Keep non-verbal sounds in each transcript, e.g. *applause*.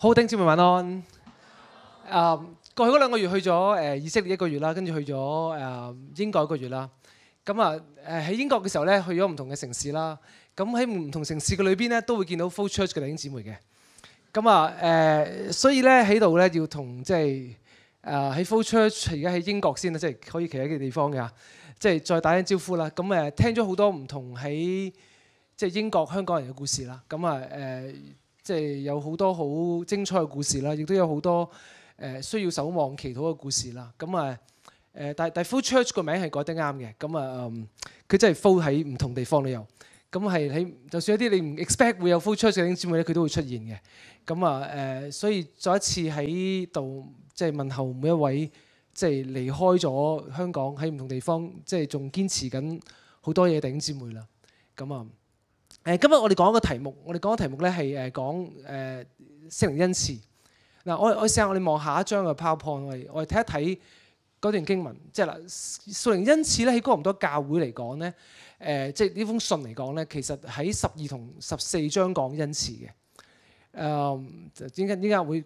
好，弟兄姊妹晚安。啊、嗯，過去嗰兩個月去咗誒、呃、以色列一個月啦，跟住去咗誒、呃、英國一個月啦。咁、嗯、啊，誒、呃、喺英國嘅時候咧，去咗唔同嘅城市啦。咁喺唔同城市嘅裏邊咧，都會見到 Flow Church 嘅弟兄姊妹嘅。咁、嗯、啊，誒、呃，所以咧喺度咧要同即係誒喺 Flow Church 而家喺英國先啦，即、就、係、是、可以企喺嘅地方嘅即係再打聲招呼啦。咁、嗯、誒、嗯、聽咗好多唔同喺即係英國香港人嘅故事啦。咁啊誒。嗯嗯即係有好多好精彩嘅故事啦，亦都有好多誒、呃、需要守望祈禱嘅故事啦。咁啊誒，但係但 flow church 個名係改得啱嘅。咁、嗯、啊，佢真係 flow 喺唔同地方旅遊。咁係喺就算一啲你唔 expect 會有 flow church 嘅弟兄姊妹咧，佢都會出現嘅。咁啊誒，所以再一次喺度即係問候每一位即係、就是、離開咗香港喺唔同地方，即係仲堅持緊好多嘢弟兄姊妹啦。咁、嗯、啊～、嗯誒今日我哋講一個題目，我哋講個題目咧係誒講誒聖靈恩賜。嗱、呃，我我試下我哋望下一張嘅 PowerPoint，我哋睇一睇嗰段經文。即係啦，聖靈恩賜咧喺多唔多教會嚟講咧？誒、呃，即係呢封信嚟講咧，其實喺十二同十四章講恩賜嘅。誒、呃，點解點解會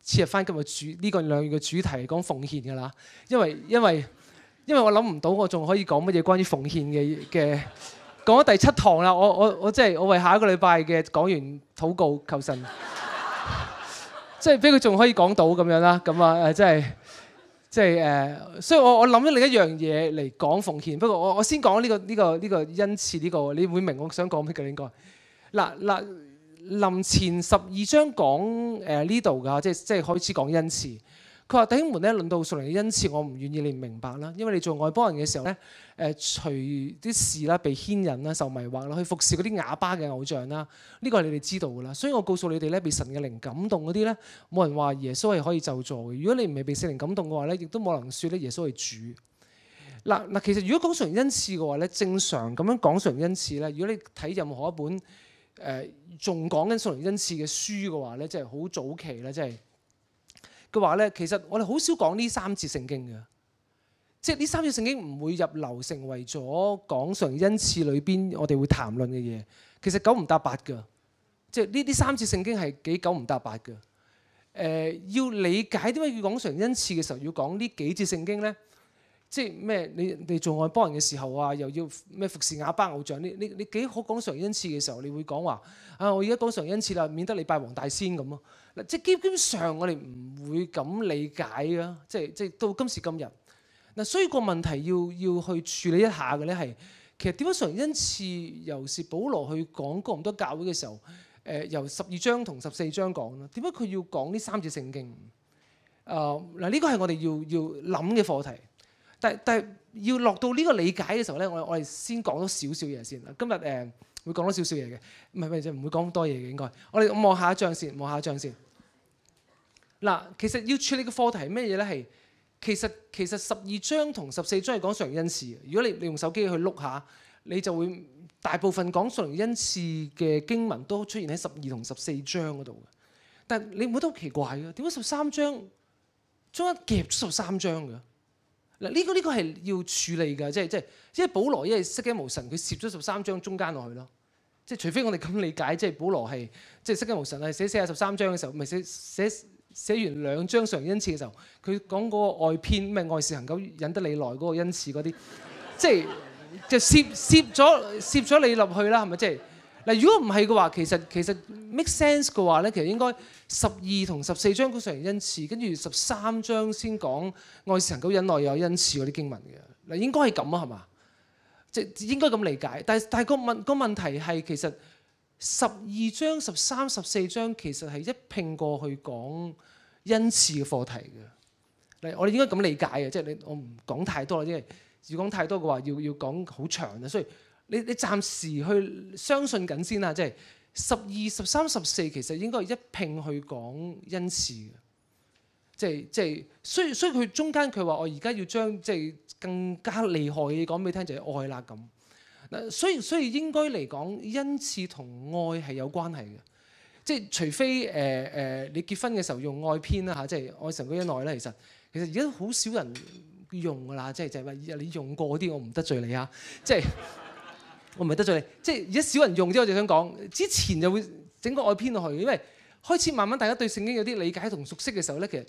切入翻今日主呢、這個兩月嘅主題嚟講奉獻嘅啦？因為因為因為我諗唔到我仲可以講乜嘢關於奉獻嘅嘅。講咗第七堂啦，我我我即係我為下一個禮拜嘅講完禱告求神，即係俾佢仲可以講到咁樣啦，咁啊即係即係誒，所以我我諗咗另一樣嘢嚟講奉獻，不過我我先講呢個呢個呢個恩賜呢個，你會明我想講咩嘅應該。嗱嗱林前十二章講誒呢度㗎，即係即係開始講恩賜。佢話弟兄們咧，論到屬靈的恩賜，我唔願意你唔明白啦。因為你做外邦人嘅時候咧，誒、呃，隨啲事啦，被牽引啦，受迷惑啦，去服侍嗰啲啞巴嘅偶像啦，呢、這個係你哋知道㗎啦。所以我告訴你哋咧，被神嘅靈感動嗰啲咧，冇人話耶穌係可以就坐嘅。如果你唔係被聖靈感動嘅話咧，亦都冇人說咧耶穌係主。嗱嗱，其實如果講屬靈恩賜嘅話咧，正常咁樣講屬靈恩賜咧，如果你睇任何一本誒仲講緊屬靈恩賜嘅書嘅話咧，即係好早期咧，即係。嘅話咧，其實我哋好少講呢三節聖經嘅，即係呢三節聖經唔會入流成為咗講常恩賜裏邊我哋會談論嘅嘢。其實九唔搭八㗎，即係呢啲三節聖經係幾九唔搭八㗎。誒、呃，要理解點解要講常恩賜嘅時候，要講呢幾節聖經咧？即係咩？你你做外邦人嘅時候啊，又要咩服侍啞巴偶像？你你你幾好講常恩賜嘅時候，你會講話啊！我而家講常恩賜啦，免得你拜黃大仙咁咯。嗱，即係基本上我哋唔會咁理解啊，即係即係到今時今日嗱，所以個問題要要去處理一下嘅咧，係其實點解常恩賜尤其是保羅去講咁多教會嘅時候，誒、呃、由十二章同十四章講咧，點解佢要講呢三節聖經？啊、呃，嗱呢個係我哋要要諗嘅課題。但係但係要落到呢個理解嘅時候咧，我我哋先講咗少少嘢先。今日誒、呃、會講多少少嘢嘅，唔係唔係就唔會講咁多嘢嘅應該。我哋望下一章先，望下一章先。嗱，其實要處理嘅課題係咩嘢咧？係其實其實十二章同十四章係講上恩賜嘅。如果你你用手機去碌下，你就會大部分講上恩賜嘅經文都出現喺十二同十四章嗰度嘅。但係你唔會覺得好奇怪嘅，點解十三章將一夾十三章嘅？嗱呢、這個呢、這個係要處理㗎，即係即係，因為保羅因為失驚無神，佢攝咗十三章中間落去咯。即係除非我哋咁理解，即係保羅係即係失驚無神啊，寫寫十三章嘅時候，咪寫寫寫完兩章上恩賜嘅時候，佢講嗰個外篇咩外事能夠引得你來嗰個恩賜嗰啲，即係就攝攝咗攝咗你落去啦，係咪即係？嗱，如果唔係嘅話，其實其實 make sense 嘅話咧，其實應該十二同十四章講上恩賜，跟住十三章先講愛是恆久忍耐，又有恩慈嗰啲經文嘅。嗱，應該係咁啊，係嘛？即係應該咁理解。但係但係個問個問題係其實十二章、十三、十四章其實係一拼過去講恩賜嘅課題嘅。嗱、就是，我哋應該咁理解嘅，即係你我唔講太多啦，因為要講太多嘅話要要講好長嘅。所以。你你暫時去相信緊先啦，即係十二、十三、十四其實應該一拼去講恩賜嘅。即係即係所以所以佢中間佢話我而家要將即係更加厲害嘅嘢講俾你聽，就係愛啦咁嗱，所以、所以、就是、所以、所以應該嚟講恩賜同愛係有關係嘅，即係除非誒誒、呃呃、你結婚嘅時候用愛篇啦嚇，即係愛神嘅恩愛啦，其實其實而家好少人用㗎啦，即係就係、是、你用過嗰啲我唔得罪你啊，即係。 *laughs* 我唔係得罪你，即係而家少人用啫。我就想講，之前就會整個愛篇落去，因為開始慢慢大家對聖經有啲理解同熟悉嘅時候咧，其實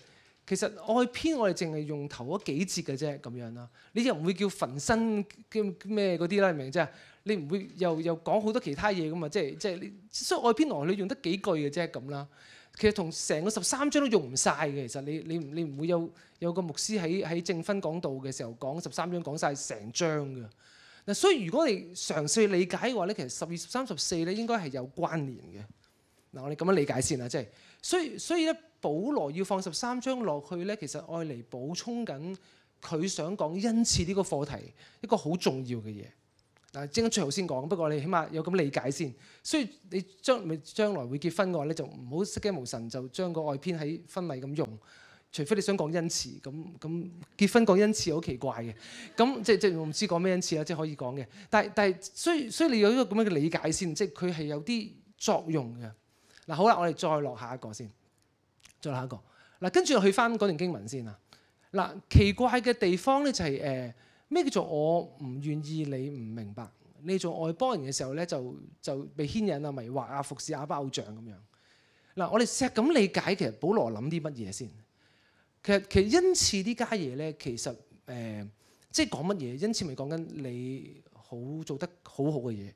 其實愛篇我哋淨係用頭嗰幾節嘅啫，咁樣啦。你又唔會叫焚身嘅咩嗰啲啦，你明唔明啫？你唔會又又講好多其他嘢噶嘛？即係即係你，所以愛篇來你用得幾句嘅啫咁啦。其實同成個十三章都用唔晒嘅，其實你你你唔會有有個牧師喺喺證婚講道嘅時候講十三章講晒成章嘅。所以如果你哋嘗試理解嘅話咧，其實十二、十三、十四咧應該係有關聯嘅。嗱，我哋咁樣理解先啦，即係，所以所以咧，保羅要放十三章落去咧，其實愛嚟補充緊佢想講恩賜呢個課題一個好重要嘅嘢。嗱，正緊最後先講，不過你起碼有咁理解先。所以你將咪將來會結婚嘅話咧，就唔好失驚無神就將個愛篇喺婚禮咁用。除非你想講恩賜，咁咁結婚講恩賜好奇怪嘅，咁即即我唔知講咩恩賜啦，即可以講嘅。但係但係，所以所以你有呢個咁樣嘅理解先，即佢係有啲作用嘅。嗱，好啦，我哋再落下一個先，再落下一個。嗱，跟住去翻嗰段經文先啊。嗱，奇怪嘅地方咧就係誒咩叫做我唔願意你唔明白，你做外邦人嘅時候咧就就被牽引迷惑、啊、啦，咪話啊服侍啞巴偶像咁樣。嗱，我哋試下咁理解其實保羅諗啲乜嘢先？其實其實恩賜呢家嘢咧，其實誒、呃、即係講乜嘢？恩賜咪講緊你好做得好好嘅嘢，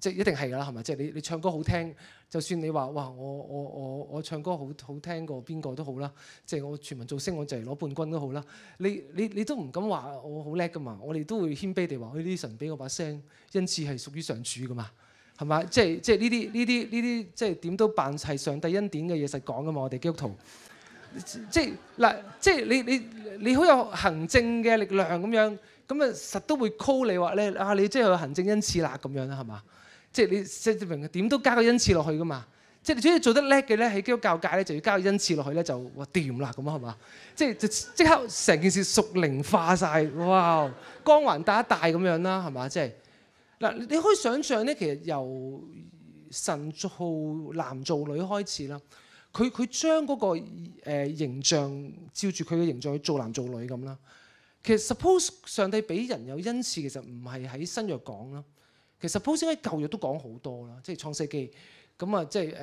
即係一定係㗎啦，係咪？即係你你唱歌好聽，就算你話哇我我我我唱歌好好聽過邊個都好啦，即係我全民造星我就係攞冠軍都好啦。你你你都唔敢話我好叻㗎嘛？我哋都會謙卑地話，呢、哎、啲神俾我把聲，恩賜係屬於上主㗎嘛？係咪？即係即係呢啲呢啲呢啲即係點都扮係上帝恩典嘅嘢實講㗎嘛？我哋基督徒。即係嗱，即係你你你好有行政嘅力量咁樣，咁啊實都會 call 你話咧啊，你 himself, 即係有行政恩賜啦咁樣啦，係嘛？即係你即係明點都加個恩賜落去噶嘛？即係你只要做得叻嘅咧，喺基督教界咧就要加個恩賜落去咧就掂啦咁啊，係嘛？即係就即刻成件事屬靈化晒，哇！光環大一大咁樣啦，係嘛？即係嗱，你可以想象咧，其實由神做男做女開始啦。佢佢將嗰個、呃、形象照住佢嘅形象去做男做女咁啦。其實 suppose 上帝俾人有恩賜，其實唔係喺新約講啦。其實 suppose 喺舊約都講好多啦，即係創世記。咁、嗯、啊，即係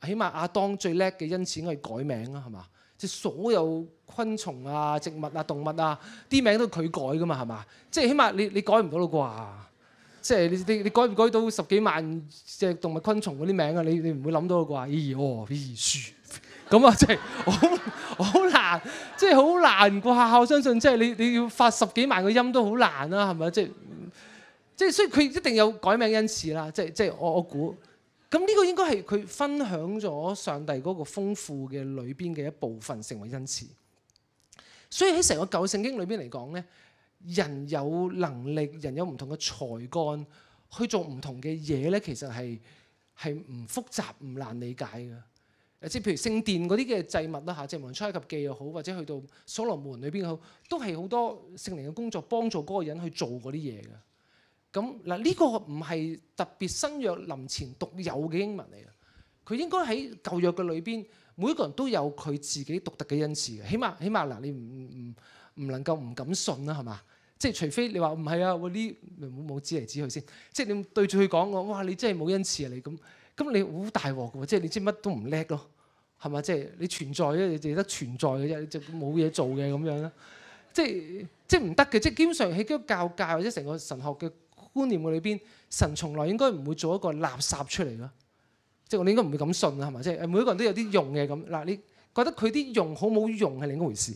誒誒，起碼阿當最叻嘅恩賜係改名啦，係嘛？即係所有昆蟲啊、植物啊、動物啊啲名都佢改噶嘛，係嘛？即係起碼你你改唔到啦啩？即係你你你改唔改到十幾萬即係動物昆蟲嗰啲名啊？你你唔會諗到啩？咦、哎、哦咦噓咁啊！即係好好難，即係好難下，我相信即係你你要發十幾萬個音都好難啦、啊，係咪即係即係，所以佢一定有改名恩慈恩賜啦。即即係我我估，咁呢個應該係佢分享咗上帝嗰個豐富嘅裏邊嘅一部分成為恩賜。所以喺成個舊聖經裏邊嚟講咧。人有能力，人有唔同嘅才幹去做唔同嘅嘢咧，其實係係唔複雜、唔難理解嘅。誒，即係譬如聖殿嗰啲嘅祭物啦嚇，即係無論出埃及記又好，或者去到所羅門裏邊好，都係好多聖靈嘅工作幫助嗰個人去做嗰啲嘢嘅。咁嗱，呢個唔係特別新約臨前獨有嘅經文嚟嘅，佢應該喺舊約嘅裏邊，每一個人都有佢自己獨特嘅恩賜嘅。起碼起碼嗱，你唔唔。唔能夠唔敢信啦，係嘛？即係除非你話唔係啊，我呢唔好指嚟指去先。即係你對住佢講我，哇！你真係冇恩賜啊！你咁咁你好大鑊嘅喎。即係你知乜都唔叻咯，係嘛？即係你存在咧，你得存在嘅啫，你就冇嘢做嘅咁樣啦。即係即係唔得嘅。即係基本上喺基督教教或者成個神學嘅觀念嘅裏邊，神從來應該唔會做一個垃圾出嚟咯。即係我哋應該唔會咁信啦，係嘛？即係每一個人都有啲用嘅咁嗱。你覺得佢啲用好冇用係另一回事。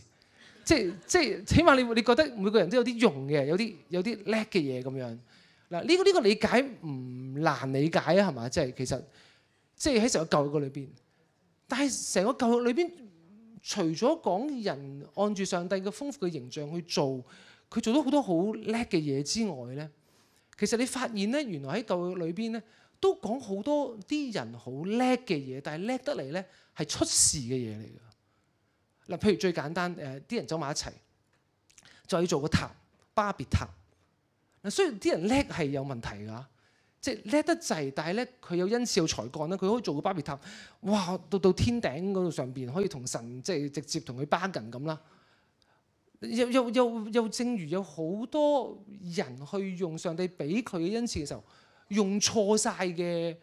即係即係，起碼你你覺得每個人都有啲用嘅，有啲有啲叻嘅嘢咁樣嗱。呢個呢個理解唔難理解啊，係嘛？即係其實即係喺成個教育個裏邊，但係成個教育裏邊，除咗講人按住上帝嘅豐富嘅形象去做，佢做到好多好叻嘅嘢之外咧，其實你發現咧，原來喺教育裏邊咧，都講好多啲人好叻嘅嘢，但係叻得嚟咧係出事嘅嘢嚟㗎。嗱，譬如最簡單，誒、呃、啲人走埋一齊，再做個塔，巴別塔。嗱，雖然啲人叻係有問題㗎，即係叻得滯，但係咧佢有恩賜有才幹咧，佢可以做個巴別塔，哇！到到天頂嗰度上邊，可以同神即係直接同佢巴緊咁啦。又又又又正如有好多人去用上帝俾佢嘅恩賜嘅時候，用錯晒嘅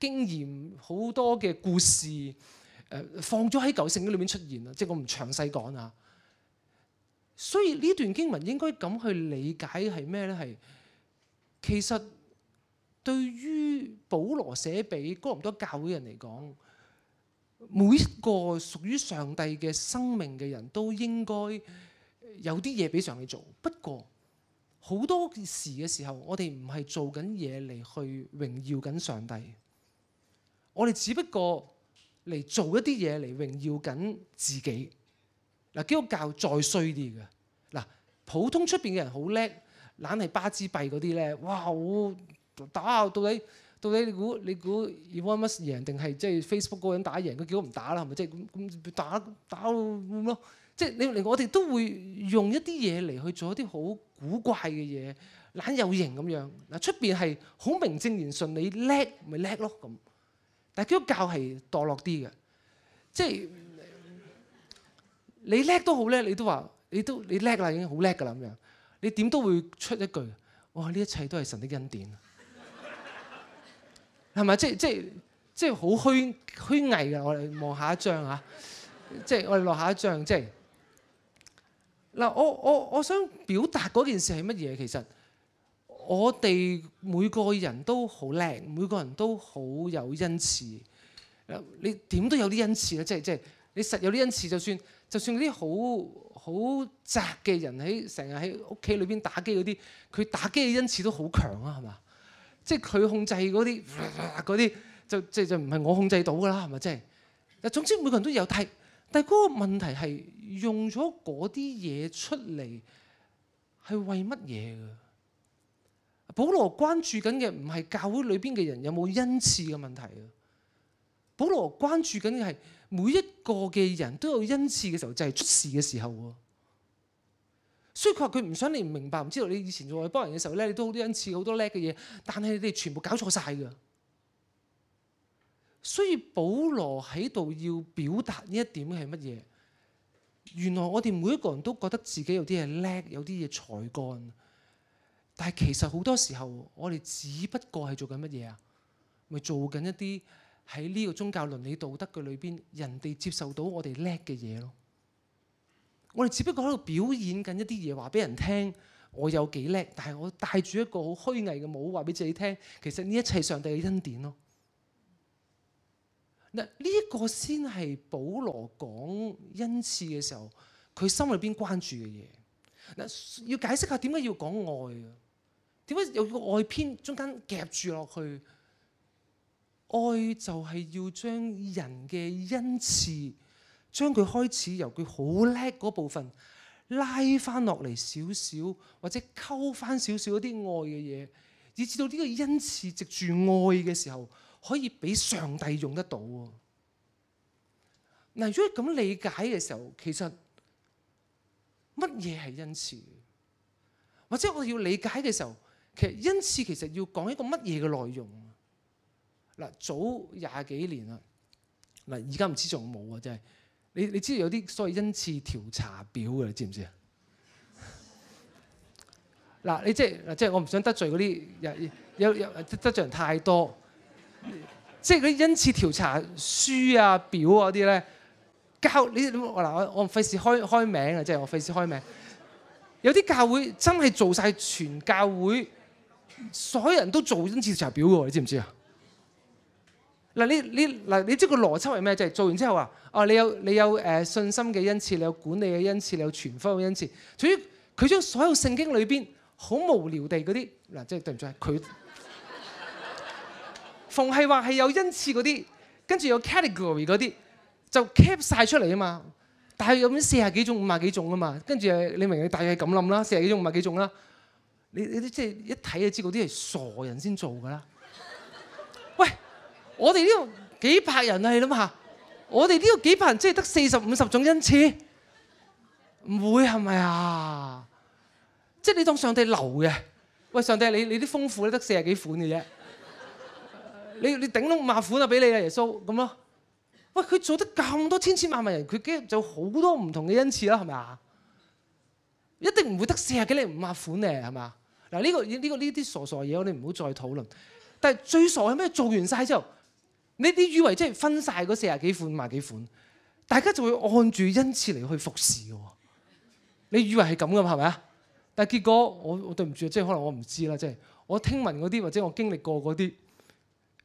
經驗，好多嘅故事。誒放咗喺舊聖經裏面出現啦，即係我唔詳細講啦。所以呢段經文應該咁去理解係咩咧？係其實對於保羅寫俾哥林多教會人嚟講，每一個屬於上帝嘅生命嘅人都應該有啲嘢俾上帝做。不過好多嘅事嘅時候，我哋唔係做緊嘢嚟去榮耀緊上帝，我哋只不過，嚟做一啲嘢嚟榮耀緊自己。嗱，基督教再衰啲嘅，嗱，普通出邊嘅人好叻，懶係巴之幣嗰啲咧，哇！好，打到底到底你估你估 Elon Musk 贏定係即係、就是、Facebook 嗰個人打贏？佢幾多唔打啦？係咪即係咁咁打打咯？即係你嚟，我哋都會用一啲嘢嚟去做一啲好古怪嘅嘢，懶有型咁樣。嗱，出邊係好名正言順，你叻咪叻咯咁。但基督教係墮落啲嘅，即係你叻都好叻，你都話你都你叻啦，已經好叻㗎啦咁樣，你點都會出一句哇，呢一切都係神的恩典啊，係咪？ *laughs* 即即即係好虛虛偽㗎！我哋望下一張吓，即係我哋落下一張，即係嗱我我我想表達嗰件事係乜嘢其實？我哋每個人都好靚，每個人都好有恩賜。誒，你點都有啲恩賜咧？即係即係你實有啲恩賜，就算就算嗰啲好好宅嘅人喺成日喺屋企裏邊打機嗰啲，佢打機嘅恩賜都好強啊，係嘛？即係佢控制嗰啲嗰啲，就即就唔係我控制到㗎啦，係咪即係？嗱，總之每個人都有，睇，但係但係嗰個問題係用咗嗰啲嘢出嚟係為乜嘢㗎？保羅關注緊嘅唔係教會裏邊嘅人有冇恩賜嘅問題啊，保羅關注緊嘅係每一個嘅人都有恩賜嘅時候就係、是、出事嘅時候喎，所以佢話佢唔想你唔明白，唔知道你以前做外邦人嘅時候咧，你都好多恩賜好多叻嘅嘢，但係你哋全部搞錯晒噶，所以保羅喺度要表達呢一點係乜嘢？原來我哋每一個人都覺得自己有啲嘢叻，有啲嘢才幹。但係其實好多時候，我哋只不過係做緊乜嘢啊？咪做緊一啲喺呢個宗教倫理道德嘅裏邊，人哋接受到我哋叻嘅嘢咯。我哋只不過喺度表演緊一啲嘢，話俾人聽，我有幾叻。但係我帶住一個好虛偽嘅帽，話俾自己聽，其實呢一切係上帝嘅恩典咯。嗱，呢一個先係保羅講恩賜嘅時候，佢心裏邊關注嘅嘢。嗱，要解釋下點解要講愛啊？點解有個愛篇中間夾住落去？愛就係要將人嘅恩賜，將佢開始由佢好叻嗰部分拉翻落嚟少少，或者溝翻少少一啲愛嘅嘢，以至到呢個恩賜藉住愛嘅時候，可以俾上帝用得到。嗱，如果咁理解嘅時候，其實乜嘢係恩賜？或者我要理解嘅時候，其實恩賜其實要講一個乜嘢嘅內容？嗱，早廿幾年啦，嗱，而家唔知仲冇啊！真係你你知道有啲所謂恩賜調查表嘅，你知唔知啊？嗱，你， *laughs* 你即係嗱，即係我唔想得罪嗰啲有有，有得罪人太多， *laughs* 即係嗰啲恩賜調查書啊表嗰啲咧。教你嗱，我我唔費事開開名啊！即係我費事開名，有啲教會真係做晒全教會，所有人都做恩賜查表喎！你知唔知啊？嗱，你你嗱，你知個邏輯係咩？就係做完之後啊，哦，你有你有誒、呃、信心嘅恩賜，你有管理嘅恩賜，你有傳福音嘅恩賜。所於佢將所有聖經裏邊好無聊地嗰啲嗱，即係對唔對？佢逢係話係有恩賜嗰啲，跟住有 category 嗰啲。就 cap 晒出嚟啊嘛，但係有咁四十幾種、五十幾種啊嘛，跟住你明，你大約係咁諗啦，四十幾種、五十幾種啦，你你即係一睇就知嗰啲係傻人先做噶啦。喂，我哋呢度幾百人啊，你諗下，我哋呢度幾百人即係得四十五十種恩賜，唔會，係咪啊？即係你當上帝流嘅，喂，上帝你你啲豐富都得四十幾款嘅啫，你你頂到五萬款啊俾你啊，耶穌咁咯。喂，佢做得咁多千千萬萬人，佢驚就好多唔同嘅恩賜啦，係咪啊？一定唔會得四廿幾釐五廿款咧，係咪啊？嗱、呢個，呢、呢個呢個呢啲傻傻嘢，我哋唔好再討論。但係最傻係咩？做完晒之後，你你以為即係分晒嗰四廿幾款、五廿幾款，大家就會按住恩賜嚟去服侍嘅？你以為係咁噶嘛？係咪啊？但係結果我，我對唔住，即係可能我唔知啦，即係我聽聞嗰啲或者我經歷過嗰啲，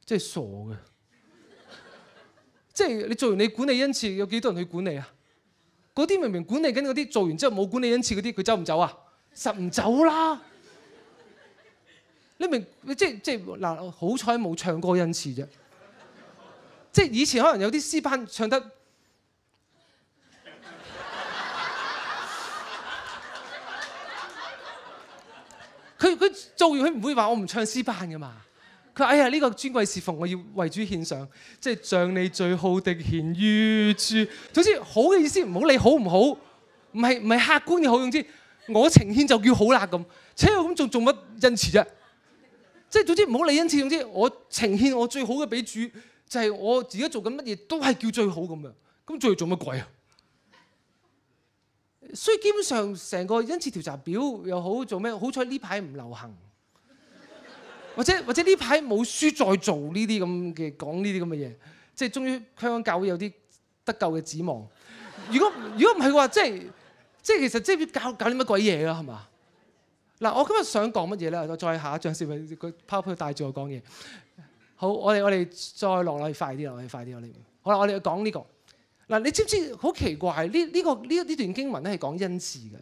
即係傻嘅。即係你做完你管理恩賜，有幾多人去管理啊？嗰啲明明管理緊嗰啲做完之後冇管理恩賜嗰啲，佢走唔走啊？實唔走啦！你明即係即係嗱，好彩冇唱歌恩賜啫。即係以前可能有啲詩班唱得，佢佢 *laughs* 做完佢唔會話我唔唱詩班㗎嘛。哎呀，呢、這個尊貴侍奉，我要為主獻上，即係像你最好的獻於主。總之好嘅意思，唔好理好唔好，唔係唔係客觀嘅好。用之。之我呈獻就叫好啦咁。扯到咁仲做乜恩賜啫？即係總之唔好理恩賜。總之我呈獻我最好嘅俾主，就係、是、我自己做緊乜嘢都係叫最好咁樣。咁做嚟做乜鬼啊？所以基本上成個恩賜調查表又好做咩？好彩呢排唔流行。或者或者呢排冇書再做呢啲咁嘅講呢啲咁嘅嘢，即係終於香港教會有啲得救嘅指望。如果如果唔係嘅話，即係即係其實即係教搞啲乜鬼嘢啦，係嘛？嗱，我今日想講乜嘢咧？我再下一張先，佢拋片帶住我講嘢。好，我哋我哋再落落去，去，快啲落去，快啲啦，你。好啦，我哋講呢個。嗱，你知唔知好奇怪？呢呢、這個呢呢段經文咧係講恩賜嘅，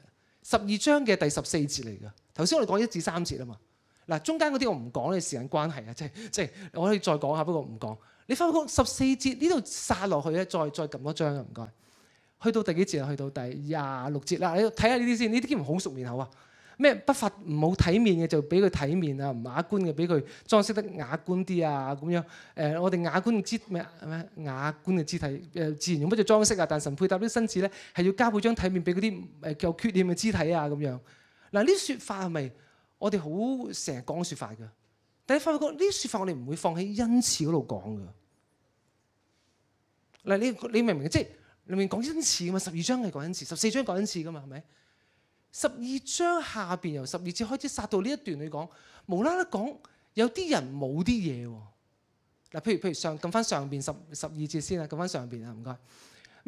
十二章嘅第十四節嚟㗎。頭先我哋講一至三節啊嘛。嗱，中間嗰啲我唔講你時間關係啊，即係即係我可以再講下，不過唔講。你翻到十四節呢度撒落去咧，再再撳多張啊，唔該。去到第幾節啊？去到第廿六節啦。你睇下呢啲先，呢啲基本好熟面口啊。咩不發唔好體面嘅就俾佢體面啊，唔雅觀嘅俾佢裝飾得雅觀啲啊，咁樣。誒，我哋雅觀嘅肢咩咩雅觀嘅肢體自然用不着裝飾啊。但神配搭啲身子咧，係要加倍張體面俾嗰啲誒有缺點嘅肢體啊，咁樣。嗱，啊，呢啲説法係咪？我哋好成日講説法嘅，但係發覺呢啲説法我哋唔會放喺恩賜嗰度講嘅。嗱，你你明唔明？即係裡面講恩賜啊嘛，十二章係講恩賜，十四章講恩賜嘅嘛，係咪？十二章下邊由十二節開始殺到呢一段，你講無啦啦講有啲人冇啲嘢喎。嗱，譬如譬如上撳翻上邊十十二節先啊，撳翻上邊啊，唔該。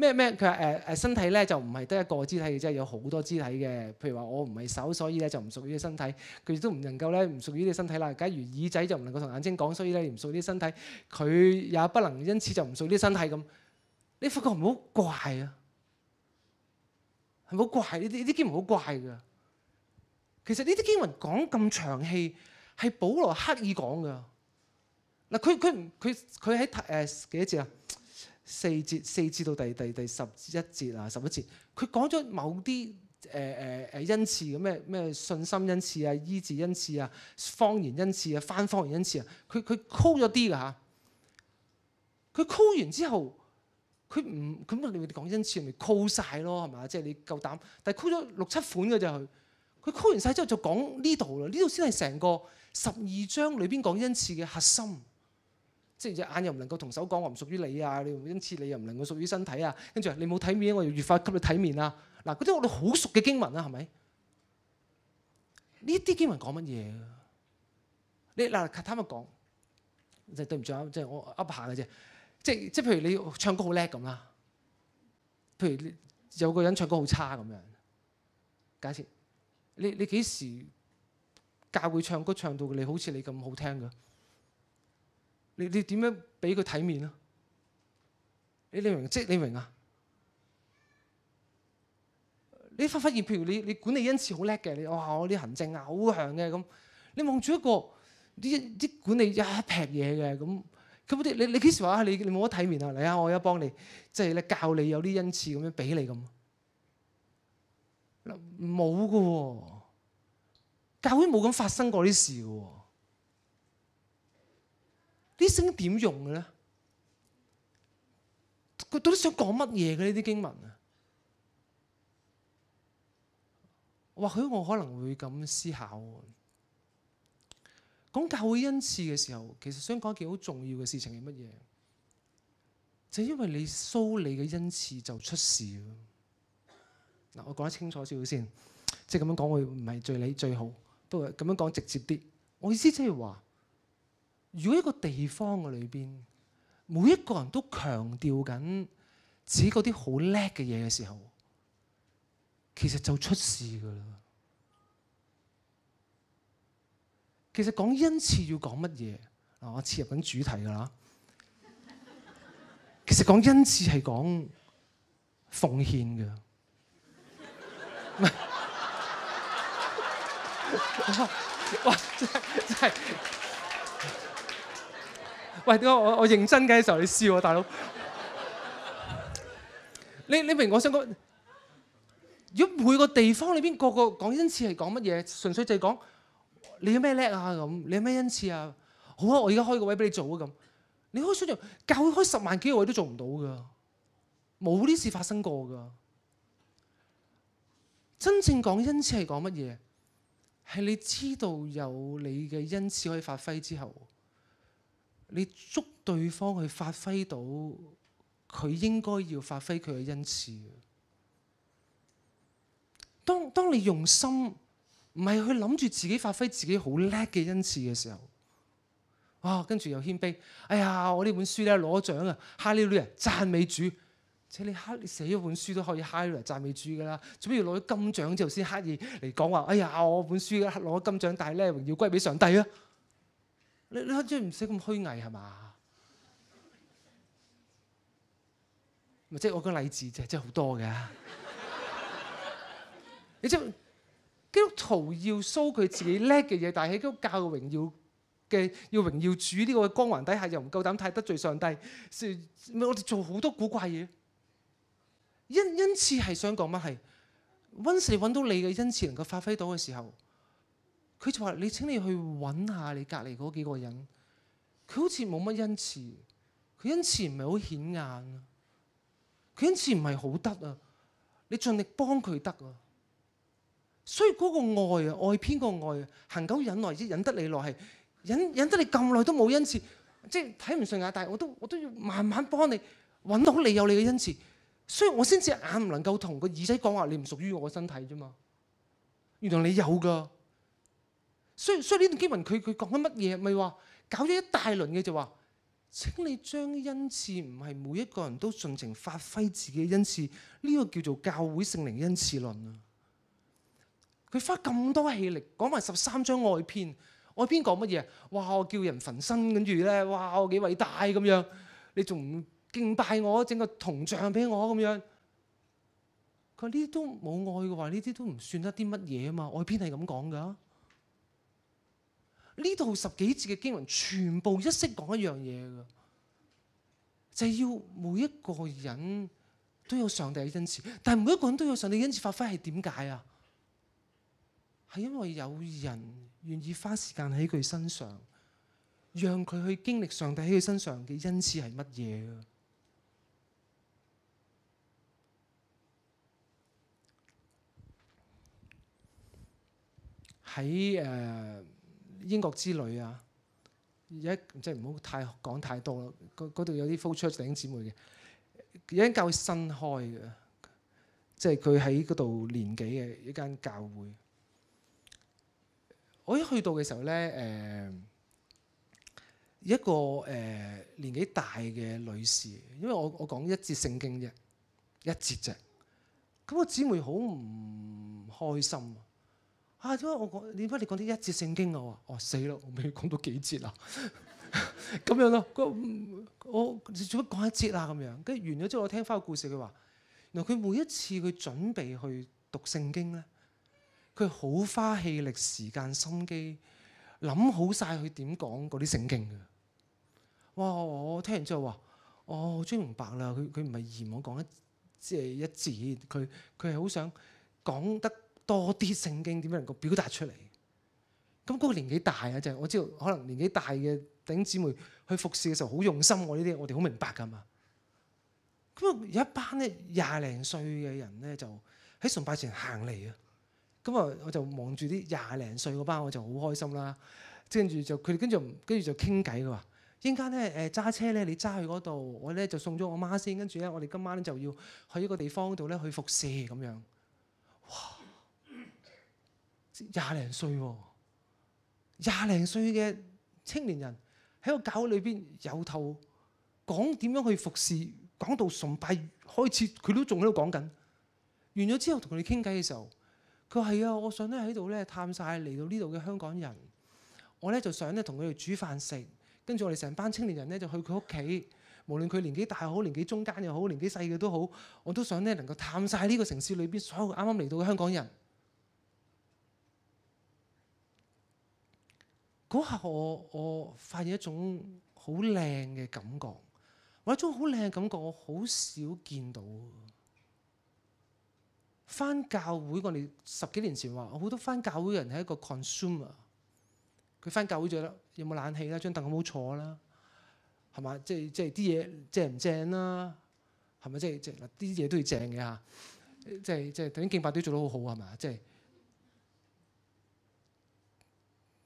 咩咩？佢話誒誒，身體咧就唔係得一個肢體嘅啫，有好多肢體嘅。譬如話我唔係手，所以咧就唔屬於身體。佢亦都唔能夠咧，唔屬於你身體啦。假如耳仔就唔能夠同眼睛講，所以咧唔屬於身體。佢也不能因此就唔屬於身體咁。你發覺唔好怪啊，係唔好怪呢啲呢啲經文好怪㗎。其實呢啲經文講咁長氣，係保羅刻意講㗎。嗱，佢佢佢佢喺誒幾多節啊？四節四節到第第第十一節啊，十一節，佢講咗某啲誒誒誒恩賜嘅咩咩信心恩賜啊，醫治恩賜啊，方言恩賜啊，翻方言恩賜啊，佢佢箍咗啲㗎嚇，佢箍完之後，佢唔咁你哋講恩賜咪箍晒咯係嘛？即係、就是、你夠膽，但係箍咗六七款嘅就佢，佢箍完晒之後就講呢度啦，呢度先係成個十二章裏邊講恩賜嘅核心。即隻眼又唔能夠同手講話唔屬於你啊！你因此你又唔能夠屬於身體啊！跟住你冇體面，我要越發給你體面啊！嗱，嗰啲我哋好熟嘅經文啊，係咪？呢啲經文講乜嘢？你嗱，坦白講，就對唔住啊，即係我噏下嘅啫。即係即係譬如你唱歌好叻咁啦，譬如有個人唱歌好差咁樣，假設你你幾時教佢唱歌唱到你好似你咁好聽㗎？你你點樣俾佢體面啊？你你明唔明即你明啊？你發發現譬如你你管理恩賜好叻嘅，你哇、哦、我啲行政啊好強嘅咁，你望住一個啲啲管理一劈嘢嘅咁，佢冇啲你你幾時話你你冇得體面啊？嚟啊我一幫你，即係咧教你有啲恩賜咁樣俾你咁，冇噶喎，教會冇咁發生過啲事噶喎。啲聲點用嘅咧？佢到底想講乜嘢嘅呢啲經文啊？或許我可能會咁思考，講教會恩賜嘅時候，其實想講一件好重要嘅事情係乜嘢？就是、因為你疏你嘅恩賜就出事嗱，我講得清楚少少先，即係咁樣講，我唔係最理最好，不過咁樣講直接啲。我意思即係話。如果一個地方嘅裏邊每一個人都強調緊自己嗰啲好叻嘅嘢嘅時候，其實就出事噶啦。其實講恩賜要講乜嘢？嗱、啊，我切入緊主題噶啦。其實講恩賜係講奉獻嘅。唔係 *laughs* *laughs* 哇！真係真係。喂，我我我認真嘅時候你笑啊，大佬！ *laughs* 你你明我想講，如果每個地方裏邊個個講恩賜係講乜嘢，純粹就係講你有咩叻啊咁，你有咩、啊、恩賜啊？好啊，我而家開個位俾你做啊咁。你可以想像教會開十萬幾個位都做唔到噶，冇呢事發生過噶。真正講恩賜係講乜嘢？係你知道有你嘅恩賜可以發揮之後。你捉對方去發揮到佢應該要發揮佢嘅恩賜。當、當當你用心，唔係去諗住自己發揮自己好叻嘅恩賜嘅時候，哇！跟住又謙卑，哎呀！我呢本書咧攞獎啊，哈利路亞讚美主，即係你哈利路亞寫本書都可以哈利路亞讚美主㗎啦。做咩要攞咗金獎之後先刻意嚟講話？哎呀！我本書攞咗金獎，但係咧榮耀歸俾上帝啊！你你好似唔使咁虛偽係嘛？咪即係我個例子啫，即係好多嘅。你知基督徒要 show 佢自己叻嘅嘢，但係喺基督教嘅榮耀嘅要榮耀主呢個光環底下，又唔夠膽太得罪上帝，我哋做好多古怪嘢。因因此係想講乜係 When 時揾到你嘅恩賜能夠發揮到嘅時候。佢就話：你請你去揾下你隔離嗰幾個人，佢好似冇乜恩賜，佢恩賜唔係好顯眼，佢恩賜唔係好得啊！你盡力幫佢得啊！所以嗰個愛啊，愛偏個愛啊，恆久忍耐，即忍得你耐係忍忍得你咁耐都冇恩賜，即係睇唔順眼，但係我都我都要慢慢幫你揾到你有你嘅恩賜，所以我先至眼唔能夠同個耳仔講話你唔屬於我嘅身體啫嘛。原來你有㗎。所以所以呢段經文佢佢講緊乜嘢？咪話、就係、搞咗一大輪嘅就話：請你將恩賜唔係每一個人都盡情發揮自己嘅恩賜。呢、呢個叫做教會聖靈恩賜論啊！佢花咁多氣力講埋十三章愛篇，愛篇講乜嘢？哇！我叫人焚身跟住咧，哇！我幾偉大咁樣，你仲唔敬拜我整個銅像俾我咁樣。佢話呢啲都冇愛嘅話，呢啲都唔算得啲乜嘢啊嘛！愛篇係咁講㗎。呢度十幾節嘅經文，全部一式講一樣嘢噶，就係、是、要每一個人都有上帝嘅恩賜，但係每一個人都有上帝嘅恩賜發揮係點解啊？係因為有人願意花時間喺佢身上，讓佢去經歷上帝喺佢身上嘅恩賜係乜嘢？喺誒。Uh, 英國之旅啊，而家即係唔好太講太多啦。嗰度有啲 flow church 弟兄姊妹嘅，有一間教會新開嘅，即係佢喺嗰度年紀嘅一間教會。我一去到嘅時候咧，誒、呃、一個誒、呃、年紀大嘅女士，因為我我講一節聖經啫，一節啫，咁、那個姊妹好唔開心。啊！點解我講？點解你講啲一節聖經嘅、啊、喎？我話哦死啦！我未講到幾節啦，咁 *laughs* 樣咯、啊。我做乜講一節啊？咁樣跟住完咗之後，我聽翻個故事。佢話：原來佢每一次佢準備去讀聖經咧，佢好花氣力、時間、心機，諗好晒佢點講嗰啲聖經嘅。哇！我聽完之後話：我終於明白啦。佢佢唔係嫌我講一即係一節，佢佢係好想講得。多啲聖經點樣能夠表達出嚟？咁嗰個年紀大啊，就我知道可能年紀大嘅弟兄姊妹去服侍嘅時候好用心喎，呢啲我哋好明白㗎嘛。咁啊有一班咧廿零歲嘅人咧就喺崇拜前行嚟啊。咁啊我就望住啲廿零歲嗰班我就好開心啦。跟住就佢哋跟住跟住就傾偈㗎喎。陣間咧誒揸車咧你揸去嗰度，我咧就送咗我媽先。跟住咧我哋今晚呢就要去一個地方度咧去服侍。咁樣。哇！廿零歲喎，廿零歲嘅青年人喺個教會裏邊由頭講點樣去服侍，講到崇拜開始，佢都仲喺度講緊。完咗之後同佢哋傾偈嘅時候，佢話係啊，我想咧喺度咧探晒嚟到呢度嘅香港人。我咧就想咧同佢哋煮飯食，跟住我哋成班青年人咧就去佢屋企，無論佢年紀大好，年紀中間又好，年紀細嘅都好，我都想咧能夠探晒呢個城市裏邊所有啱啱嚟到嘅香港人。嗰下我我發現一種好靚嘅感覺，或一種好靚嘅感覺，我好少見到。翻教會我哋十幾年前話好多翻教會嘅人係一個 consumer，佢翻教會就得，有冇冷氣啦？張凳好唔好坐啦？係嘛？即係即係啲嘢正唔正啦，啊？係咪即係即係嗱？啲、就、嘢、是就是，都要正嘅吓，即係即係頭先敬拜都做得好好係嘛？即係、就是，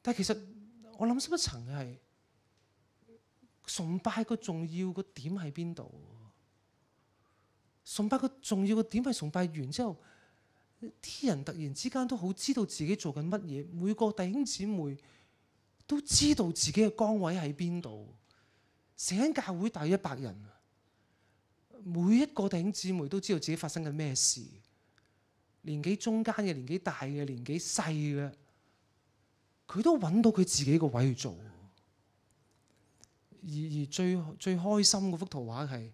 但係其實。我諗深一層係崇拜個重要個點喺邊度？崇拜個重要嘅點係崇拜完之後，啲人突然之間都好知道自己做緊乜嘢。每個弟兄姊妹都知道自己嘅崗位喺邊度。成間教會大約一百人，每一個弟兄姊妹都知道自己發生緊咩事。年紀中間嘅、年紀大嘅、年紀細嘅。佢都揾到佢自己個位去做，而而最最開心嗰幅圖畫係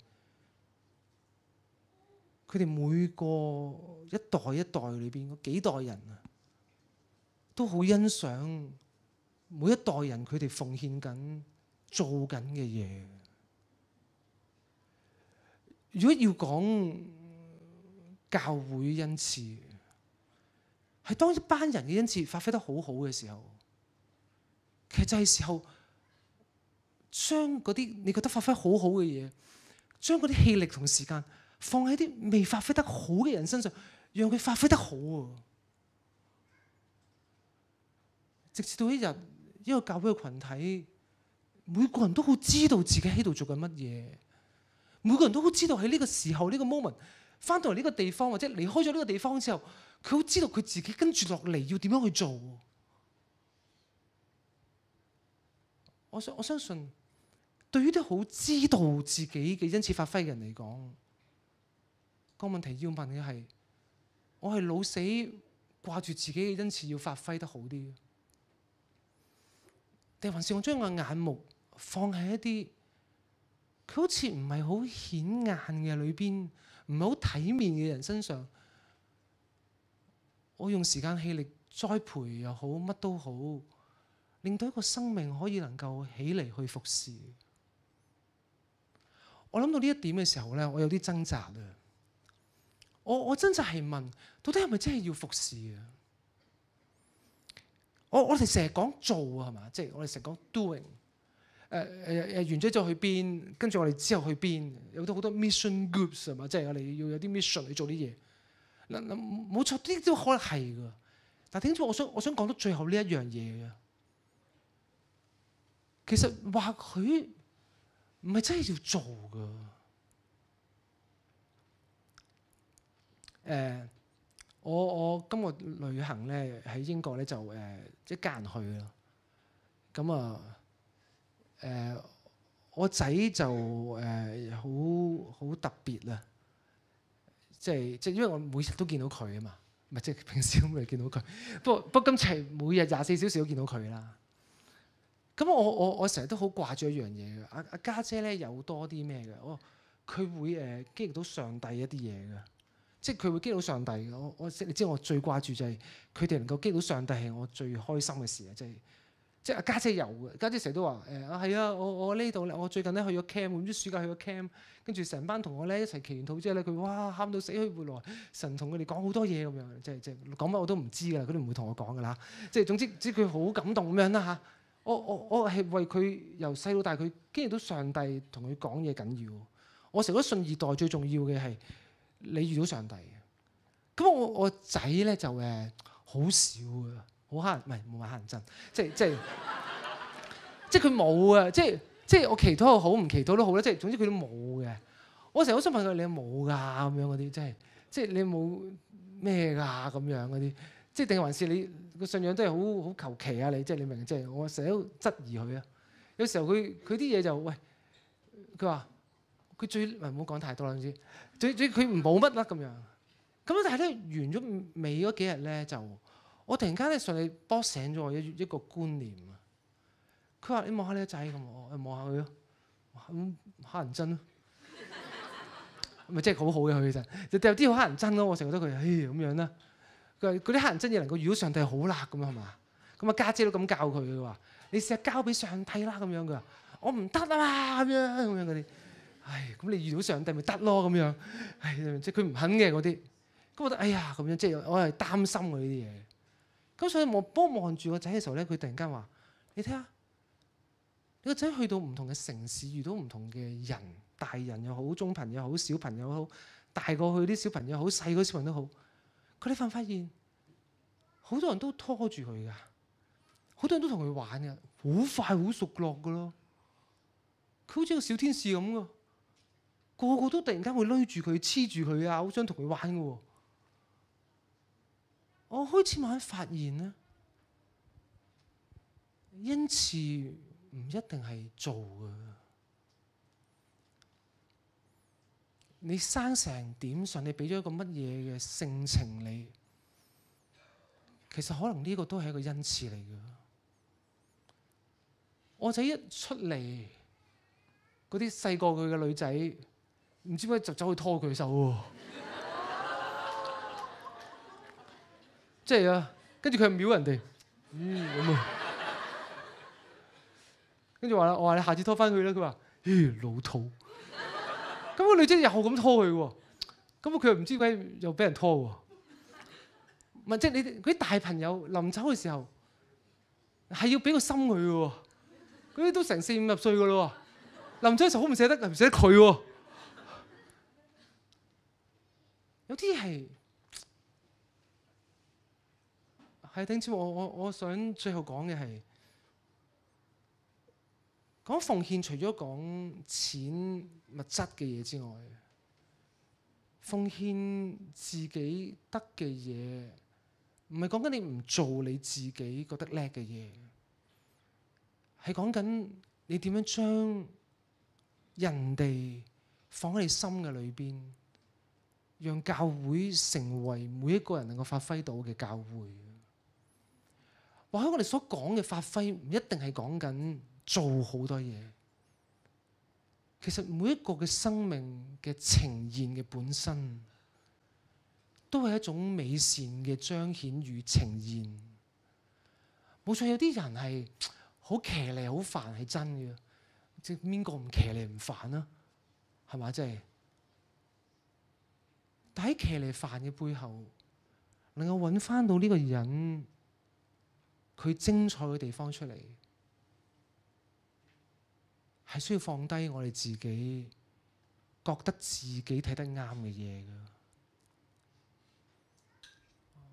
佢哋每個一代一代裏邊幾代人啊，都好欣賞每一代人佢哋奉獻緊做緊嘅嘢。如果要講教會恩賜，係當一班人嘅恩賜發揮得好好嘅時候。其實就係時候將嗰啲你覺得發揮好好嘅嘢，將嗰啲氣力同時間放喺啲未發揮得好嘅人身上，讓佢發揮得好啊！直至到一日，一個教會嘅群體，每個人都好知道自己喺度做緊乜嘢，每個人都好知道喺呢個時候呢個 moment，翻到嚟呢個地方或者離開咗呢個地方之後，佢好知道佢自己跟住落嚟要點樣去做。我想我相信，對於啲好知道自己嘅恩賜發揮嘅人嚟講，個問題要問嘅係：我係老死掛住自己嘅恩賜要發揮得好啲，定還是我將我眼目放喺一啲佢好似唔係好顯眼嘅裏邊，唔係好體面嘅人身上？我用時間氣力栽培又好，乜都好。令到一個生命可以能夠起嚟去服侍。我諗到呢一點嘅時候咧，我有啲掙扎啊！我我掙扎係問到底係咪真係要服侍啊？我我哋成日講做啊，係嘛？即係我哋成日講 doing，誒誒誒，完咗之後去邊？跟住我哋之後去邊？有好多好多 mission groups 係嘛？即係我哋要有啲 mission 去做啲嘢。嗱，冇錯，啲都可能係噶，但係聽咗我想我想講到最後呢一樣嘢嘅。其實話佢唔係真係要做噶。誒、呃，我我今個旅行咧喺英國咧就誒、呃就是、一家人去咯。咁、嗯、啊，誒、呃、我仔就誒好好特別啦。即係即係因為我每日都見到佢啊嘛，唔係即係平時都未見到佢。不過不過今次每日廿四小時都見到佢啦。咁、嗯、我我我成日都好掛住一樣嘢嘅，阿阿家姐咧有多啲咩嘅？哦，佢會誒經歷到上帝一啲嘢嘅，即係佢會經歷到上帝嘅。我我你知我最掛住就係佢哋能夠經歷到上帝係我最開心嘅事啊、就是！即係即係阿家姐有嘅，家姐成日都話誒啊係啊！我我呢度咧，我最近咧去咗 camp，唔知暑假去咗 camp，跟住成班同學咧一齊祈完禱之後咧，佢哇喊到死去活來，神同佢哋講好多嘢咁樣，即係即係講乜我都唔知㗎啦，佢哋唔會同我講㗎啦。即係總之，只佢好感動咁樣啦嚇。嗯我我我係為佢由細到大佢經歷到上帝同佢講嘢緊要。我成日都信二代最重要嘅係你遇到上帝。咁我我仔咧就誒好少嘅，好乞人唔係唔係乞人憎，即係即係即係佢冇嘅，即係即係我祈禱又好唔祈禱都好咧，即係總之佢都冇嘅。我成日都想問佢，你有冇㗎咁樣嗰啲，即係即係你冇咩㗎咁樣嗰啲。即定還是你個信仰都係好好求其啊！你即係你明，即係我成日都質疑佢啊。有時候佢佢啲嘢就，喂，佢話佢最唔好講太多啦。總之佢唔冇乜啦咁樣咁樣。但係咧完咗尾嗰幾日咧，就我突然間咧順利波醒咗我一一個觀念啊。佢話：你望下你個仔咁，我望下佢咯，咁黑人憎咯，咪即係好好嘅，佢其實就有啲好黑人憎咯。我成日覺得佢唉咁樣啦。佢啲黑人真嘢能夠遇到上帝係好叻咁啊？係嘛？咁啊家姐都咁教佢嘅話，你成日交俾上帝啦咁樣。佢話：我唔得啊嘛咁樣咁樣嗰啲。唉，咁你遇到上帝咪得咯咁樣。唉，即係佢唔肯嘅嗰啲。咁我覺得哎呀咁樣，即係我係擔心嘅呢啲嘢。咁所以我幫望住個仔嘅時候咧，佢突然間話：你睇下，你個仔去到唔同嘅城市，遇到唔同嘅人，大人又好，中朋友好，小朋友好，大過去啲小朋友好，細個小朋友都好。佢哋發發現，好多人都拖住佢噶，好多人都同佢玩噶，好快好熟絡噶咯。佢好似個小天使咁噶，個個都突然間會攣住佢、黐住佢啊，好想同佢玩噶。我開始慢慢發現咧，恩慈唔一定係做噶。你生成點上，你俾咗一個乜嘢嘅性情你？其實可能呢個都係一個恩賜嚟嘅。我仔一出嚟，嗰啲細過佢嘅女仔，唔知點解就走去拖佢手喎。即係啊，跟住佢秒人哋，嗯咁 *laughs* 啊。跟住話啦，我話你下次拖翻佢啦，佢話：咦老土。咁個女仔又咁拖佢喎，咁佢又唔知鬼又俾人拖喎。咪即係你啲大朋友臨走嘅時候係要俾個心佢嘅喎，嗰啲都成四五十歲嘅咯喎，臨走嘅時候好唔捨得嘅，唔捨得佢喎。有啲係係丁超，我我我想最後講嘅係。講奉獻，除咗講錢物質嘅嘢之外，奉獻自己得嘅嘢，唔係講緊你唔做你自己覺得叻嘅嘢，係講緊你點樣將人哋放喺你心嘅裏邊，讓教會成為每一個人能夠發揮到嘅教會。或許我哋所講嘅發揮，唔一定係講緊。做好多嘢，其實每一個嘅生命嘅呈現嘅本身，都係一種美善嘅彰顯與呈現。冇錯，有啲人係好騎呢好煩，係真嘅，即係邊個唔騎呢唔煩啦？係嘛，即係。但喺騎呢煩嘅背後，能夠揾翻到呢個人佢精彩嘅地方出嚟。係需要放低我哋自己覺得自己睇得啱嘅嘢嘅。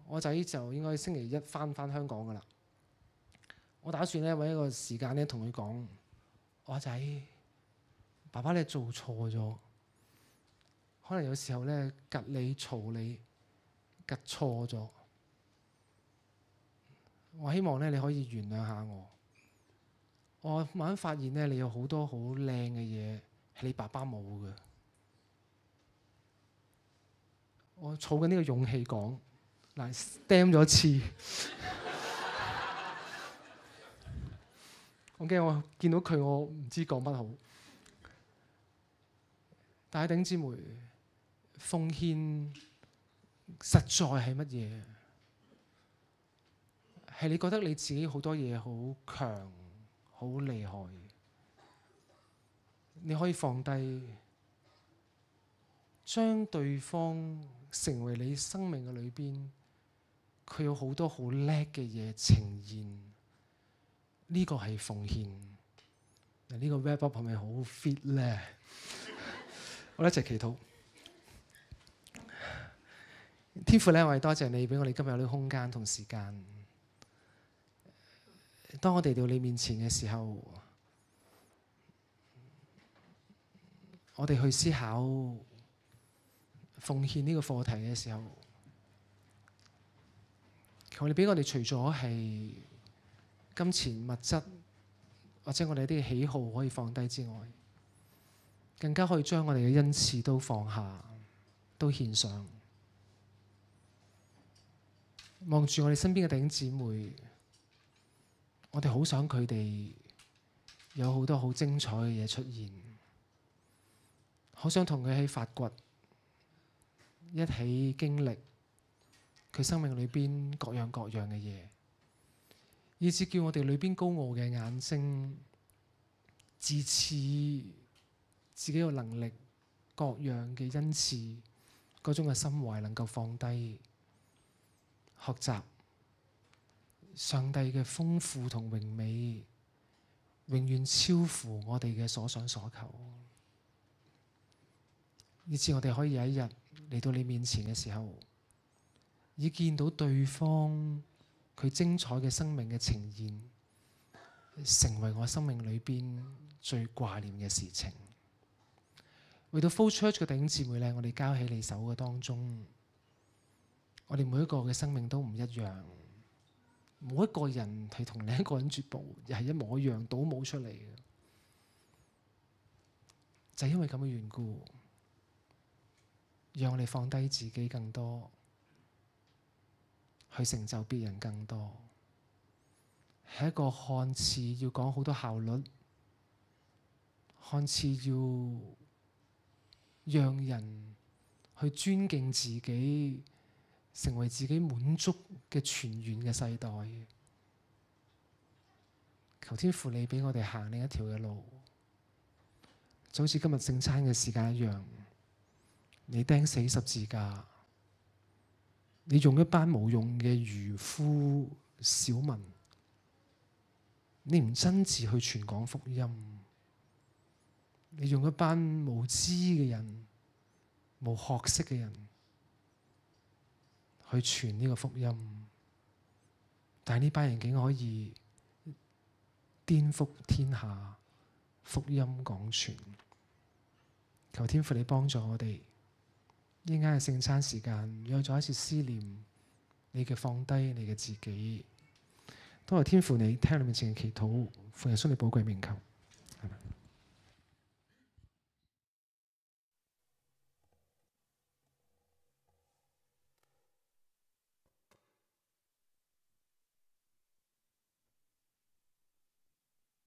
我仔就應該星期一返返香港㗎啦。我打算呢揾一個時間呢同佢講，我仔，爸爸你做錯咗，可能有時候呢格你嘈你格錯咗，我希望呢你可以原諒下我。我慢慢發現咧，你有好多好靚嘅嘢係你爸爸冇嘅。我儲緊呢個勇氣講，嗱，stem 咗一次。我驚我見到佢，我唔知講乜好。但係頂枝梅奉獻，實在係乜嘢？係你覺得你自己好多嘢好強。好厲害！你可以放低，將對方成為你生命嘅裏面，佢有好多好叻嘅嘢呈現。這個是這個、是是呢個係奉獻。嗱， *laughs* 呢個 wrap up 係咪好 fit 呢？我哋一齊祈禱。天父呢，我哋多謝你俾我哋今日呢啲空間同時間。當我哋到你面前嘅時候，我哋去思考奉獻呢個課題嘅時候，我哋俾我哋除咗係金錢物質或者我哋啲喜好可以放低之外，更加可以將我哋嘅恩賜都放下，都獻上，望住我哋身邊嘅弟兄姊妹。我哋好想佢哋有好多好精彩嘅嘢出現，好想同佢喺發掘，一起經歷佢生命裏邊各樣各樣嘅嘢，以致叫我哋裏邊高傲嘅眼睛，自恃自己個能力，各樣嘅恩賜，嗰種嘅心懷能夠放低，學習。上帝嘅豐富同榮美，永遠超乎我哋嘅所想所求。以至我哋可以有一日嚟到你面前嘅時候，以見到對方佢精彩嘅生命嘅呈現，成為我生命裏邊最掛念嘅事情。回到 flow church 嘅弟兄姊妹，我哋交起你手嘅當中，我哋每一個嘅生命都唔一樣。冇一個人係同你一個人絕步，又係一模一樣倒冇出嚟嘅，就因為咁嘅緣故，讓你放低自己更多，去成就別人更多，係一個看似要講好多效率，看似要讓人去尊敬自己。成為自己滿足嘅全員嘅世代，求天父你畀我哋行另一條嘅路，就好似今日聖餐嘅時間一樣，你釘死十字架，你用一班冇用嘅漁夫小民，你唔真摯去傳講福音，你用一班無知嘅人、冇學識嘅人。去傳呢個福音，但係呢班人竟可以顛覆天下，福音廣傳。求天父你幫助我哋，依家係聖餐時間，有咗一次思念，你嘅放低你嘅自己。多謝天父你聽面你面前嘅祈禱，奉耶穌你寶貴名求。